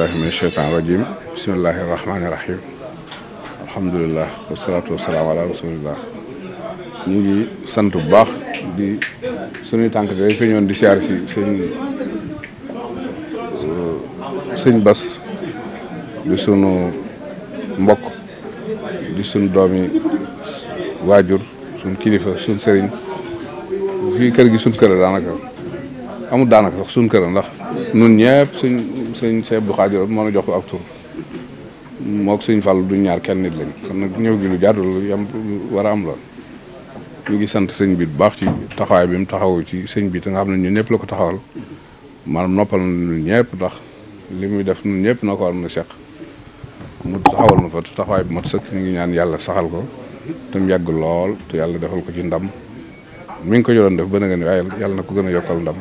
billahi min sheytaan rajim bismillahi rahmaani rahim alhamdulilah wasalaatu wasalaamu ala rasulillah ñu ngi sant bu baax di suñuy tànk day fi di siyaar si sëñ sëñ Bas di sunu mbokk di sunu doomi waajur sunu kilifa sunu sëriñ fii kër gi sunu kër la daanaka amul daanaka sax sunu kër nun ñëpp sëñ Seex Abdu Xaadir moo na jox ko ak tur mook sëñ Fàllu duñ ñaar kenn nit lañ kon nag ñëw gi lu jaadu lu yam war a am lool ñu ngi sant sëñ bi bu baax ci taxawaay bi mu taxaw ci sëñ bi te nga xam ñun ñëpp la ko taxawal maanaam noppal ñëpp ndax li muy def ñun ñëpp noo ko war na seq mu taxawal na fa te taxawaay bu sëkk ñu ngi ñaan yàlla saxal ko te mu yàgg lool te yàlla defal ko ci ndam mi ngi ko yoroon def ba nga ni waaye yàlla na ko gën a yokkal ndam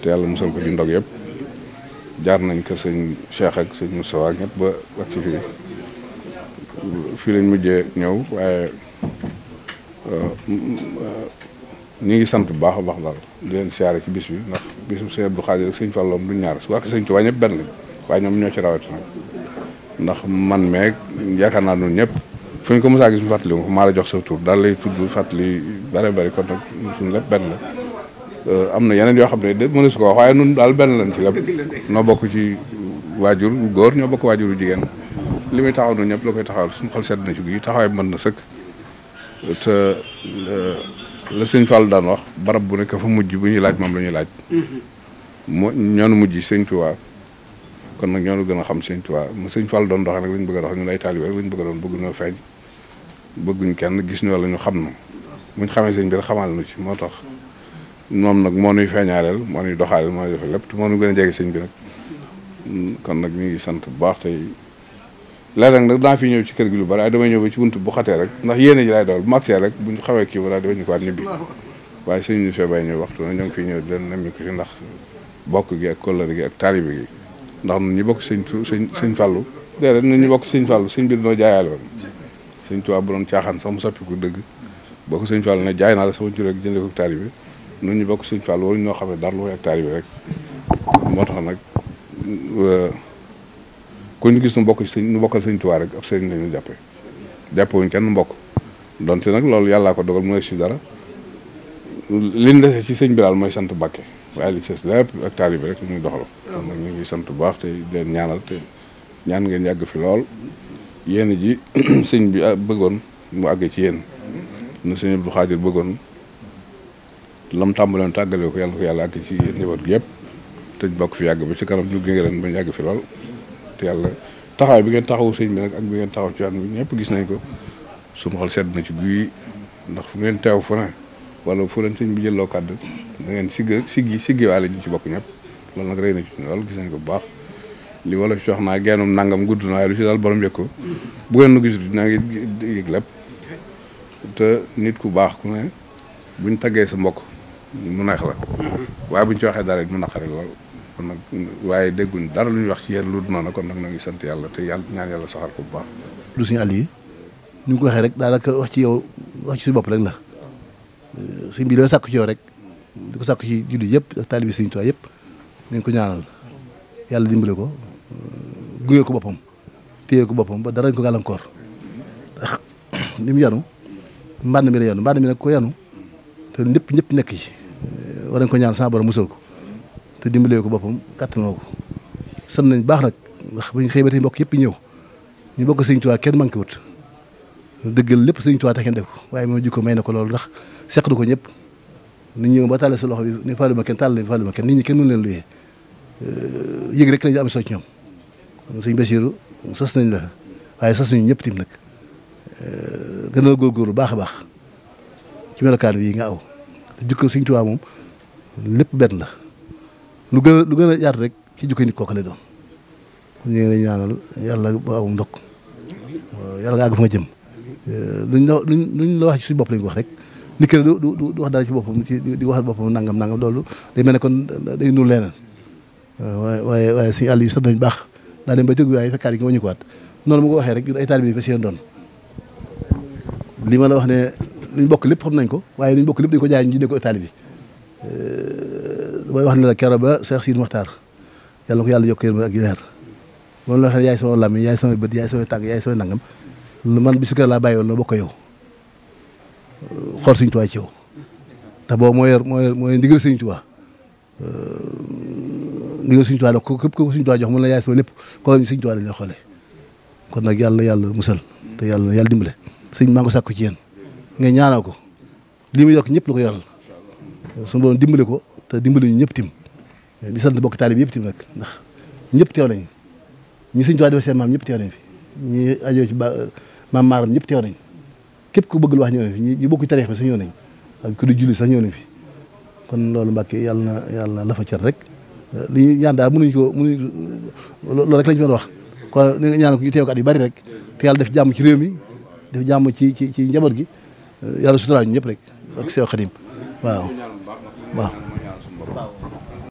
te yàlla musal ko ci ndog yëpp. jaar nañ ko sëñ Cheikh ak sëñ Moussa ak ñëpp ba ak fii lañ mujjee ñëw waaye uh, ñu ngi sant bu baax baax daal di leen siyaare ci bis bi ndax bisu sëñ Abdou Khadir ak sëñ Falloom duñ ñaar su wàcc sëñ Tuubaa ñëpp benn lañ waaye ñoom ñoo ci rawati nag ndax man meeg yaakaar naa ñun ñëpp fu ñu ko mos a gis mu fàttali maa la jox sa tur daal lay tudd fàttali bare bari kon nag suñu lépp benn la. Euh, am na yeneen yoo xam ne de mënu su ko wax waaye nun daal benn lan ci lépp noo bokk ci waajur góor ñoo bokk waajuru jigéen li muy taxaw noonu ñëpp la koy taxawal suñ xol sedd na ci gi mën na sëkk te euh, daan wax barab bu nekk fa mujj bu ñuy laaj moom la ñuy laaj mm-hmm. moo ñoonu mujj sëñ Tuubaa kon nag ñoonu gën a xam sëñ mu sëñ Fall doon doxee nag lañ bëgg a dox ñu lay taalibe rek lañ bëgg a doon bëgg ñoo feeñ bëgguñ kenn gis ñoo lañu xam na muñ xamee sëñ bi rek xamal na ci moo tax moom nag moo nuy feeñaaleel moo nuy doxaaleel moo nuy defal lépp te moo nu gën a jege sëñ bi nag kon nag ñu ngi sant bu baax tey léeg-léeg fi ñëw ci kër gi lu bari ay damay ñëw ba ci bunt bu xatee rek ndax yéene ji laay dawal bu magsee xawee kii ba daal di ko waat ñibbi waaye sëñ ñu fee bàyyi ñëw waxtu ñoo ngi fiy ñëw di leen nemmi ko ci ndax bokk gi ak kóllëre gi ak ndax ñun ñu bokk sëñ sëñ sëñ fàllu déedéet ñun ñu bokk sëñ fàllu sëñ bi noo jaayaale woon sëñ tuwaa bu doon caaxaan sax mu soppiku dëgg bokk ko sëñ fàllu ne jaay naa la sama jur ak jënde ko taalibe ñun ñu bokk suñu fàll waruñ ñoo xam ne dara lu ak taalibe rek moo tax nag euh, ku ñu gis nu mbokk ci nu bokkal Sëñ Tuubaa rek ab sëriñ la ñu jàppe jàppe kenn mbokk donte nag loolu yàllaa ko dogal mu nekk ci dara liñ dese ci sëñ bi daal mooy sant Mbàkke waaye li ci des lépp ak taalibe rek muy doxal oh. nag ñu ngi sant bu baax te leen ñaanal te ñaan ngeen yàgg fi lool yéen ji sëñ bi ah, bëggoon mu àgg ci yéen nu sëñ Abdou Xaadir bëggoon lam tàmbaloon tàggale ko yàlla ko yàlla ak ci njaboot gi yëpp te bokk fi yàgg ba ci kanam ñu gën ren ba ñu yàgg fi lool te yàlla taxaw bi ngeen taxaw siñ bi nag ak bi ngeen taxaw ci ñëpp gis nañ ko su xol sedd na ci guy ndax fu ngeen teew fu ne wala fu leen sëñ bi jëlloo kàddu da ngeen sigg siggi siggi waale ñu ci bokk ñëpp loolu nag rëy na ci lool gis nañ ko bu baax li wala fi wax naa geenum nangam gudd na waaye lu ci daal borom yëg ko bu ngeen nu gis dinaa ngi yëg lépp te ku baax ku ne sa mbokk mu neex la mm-hmm. waaye bu ñu ci waxee dara mu naqari lool kon nag waaye dégguñ dara lu ñuy wax ci yéen lu noonu kon nag na ngi sant yàlla te yàlla ñaan yàlla saxal ko bu baax du suñu àll yi ñu ko waxee rek daanaka wax ci yow wax ci suñu bopp rek la euh, suñ bi looy sàkk ci yow rek di ko sàkk ci julli yëpp ak taalibi ko ñaanal yàlla dimbale ko euh, gunge ko boppam téye ko ba dara ñu ko gàllankoor ndax li mu yanu mbànd mi la yanu mbànd mi nag ko yanu te lépp ñëpp nekk ci war ko ñaan sa borom musal ko te dimbalee ko boppam kàttanoo ko sant nañ baax nag ndax buñ xëy ba tey mbokk yëpp ñëw ñu bokk sëñ Tuubaa kenn manqué wut dëggal lépp sëñ Tuubaa tax ngeen ko waaye moom jikko may na ko loolu ndax seq du ko ñëpp nit ñëw ba tàlle sa loxo bi ni fàllu ma kenn tàlle ni fàllu ma kenn nit ñi kenn mënu leen luyee yëg rek lañu am soo ci ñoom suñ Basiiru sas nañ la waaye sas nañu ñëpp tim nag gën a góorgóorlu baax a baax ci melokaan bii nga aw te jukko Sëñ Tuubaa moom lépp benn la lu gën a lu gën a yaatu rek ci jukko nit kooku lay doon ñu ngi lay ñaanal yàlla ba amum ndokk yàlla nga àgg fa nga jëm euh, luñ la luñ la wax ci suñu bopp lañ ko wax rek nit ki du du du wax dara ci boppam ci di waxal boppam nangam nangam loolu day mel ne kon day nul leneen euh, waaye waaye waaye si àll yi sax dañ baax daa dem ba jóg waaye fekkaat yi nga wàññi ko waat noonu ma ko waxee rek ay taalibe bi fa seen doon li ma la wax ne liñ bokk lépp xam nañ ko waaye liñ bokk lépp dañ ko jaay ñu ko taali bi damay wax ne la keroog ba Cheikh Sidi Mokhtar yàlla na ko yàlla yokk yërmande ak leer moom la wax ne yaay sama làmmiñ bët yaay sama tànk yaay sama nangam lu man bi si kër laa bàyyi woon la bokk yow xool Sëñ Tuubaa moo yor moo yor mooy ndigal Sëñ Tuubaa ndigal Sëñ Tuubaa la ko képp ko la yaay sama xool kon nag yàlla yàlla musal te yàlla yàlla dimbale sëñ maa ngi ko sàkku ci yéen nga ñaanal ko li muy yokk ñëpp la ko yoral suñu borom dimbali ko te dimbali ñu ñëpp tim di sant bokk taalib yëpp tim nag ndax ñëpp teew nañ ñi sëñ Tuubaa defal seen maam ñëpp teew fi ñi ajoo ci ba maam maaram ñëpp teew nañ képp ku bëgg wax ñëw nañ fi ñi bokk tarix bi sax ñëw nañ sax ñëw nañ fi kon loolu Mbàkke yàlla na yàlla la fa cat rek li ñaan daal mënuñ ko mënuñ loolu rek lañ ci mën a wax kon ñaan ñu teew ko at yu bari rek te yàlla def jàmm ci réew mi def jàmm ci ci ci njaboot gi yàlla suturaal ñu ñëpp rek ak Seex Xadim waaw waaw